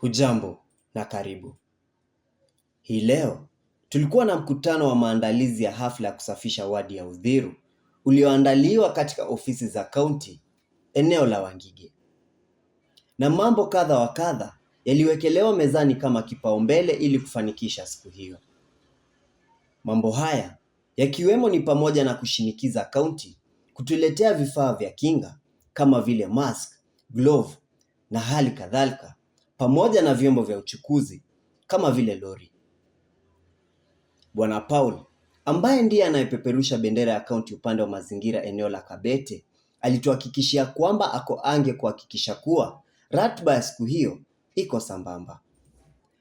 Hujambo na karibu. Hii leo tulikuwa na mkutano wa maandalizi ya hafla ya kusafisha wadi ya Uthiru ulioandaliwa katika ofisi za kaunti eneo la Wangige, na mambo kadha wa kadha yaliwekelewa mezani kama kipaumbele ili kufanikisha siku hiyo. Mambo haya yakiwemo ni pamoja na kushinikiza kaunti kutuletea vifaa vya kinga kama vile mask, glove na hali kadhalika pamoja na vyombo vya uchukuzi kama vile lori. Bwana Paul ambaye ndiye anayepeperusha bendera ya kaunti upande wa mazingira eneo la Kabete alituhakikishia kwamba ako ange kuhakikisha kuwa ratiba ya siku hiyo iko sambamba.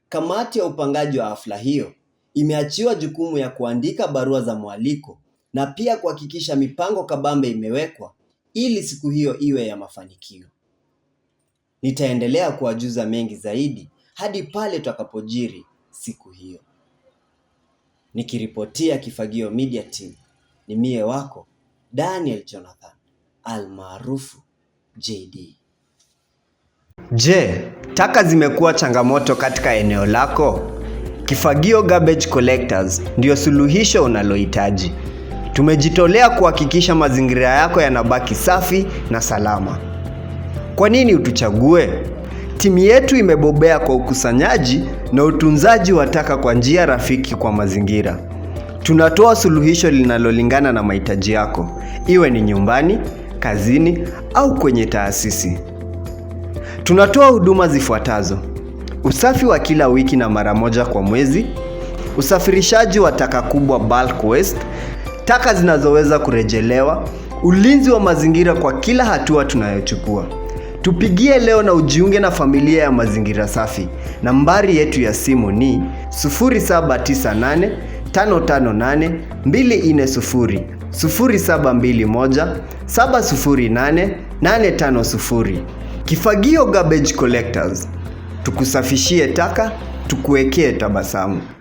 Kamati ya upangaji wa hafla hiyo imeachiwa jukumu ya kuandika barua za mwaliko na pia kuhakikisha mipango kabambe imewekwa ili siku hiyo iwe ya mafanikio. Nitaendelea kuwajuza mengi zaidi hadi pale tutakapojiri siku hiyo. Nikiripotia Kifagio Media Team, ni mie wako Daniel Jonathan almaarufu JD. Je, taka zimekuwa changamoto katika eneo lako? Kifagio Garbage Collectors ndio suluhisho unalohitaji. Tumejitolea kuhakikisha mazingira yako yanabaki safi na salama. Kwa nini utuchague? Timu yetu imebobea kwa ukusanyaji na utunzaji wa taka kwa njia rafiki kwa mazingira. Tunatoa suluhisho linalolingana na mahitaji yako, iwe ni nyumbani, kazini au kwenye taasisi. Tunatoa huduma zifuatazo: usafi wa kila wiki na mara moja kwa mwezi, usafirishaji wa taka kubwa bulk waste, taka zinazoweza kurejelewa, ulinzi wa mazingira kwa kila hatua tunayochukua. Tupigie leo na ujiunge na familia ya mazingira safi. Nambari yetu ya simu ni 0798 558 Kifagio Garbage Collectors, tukusafishie taka, tukuwekee tabasamu.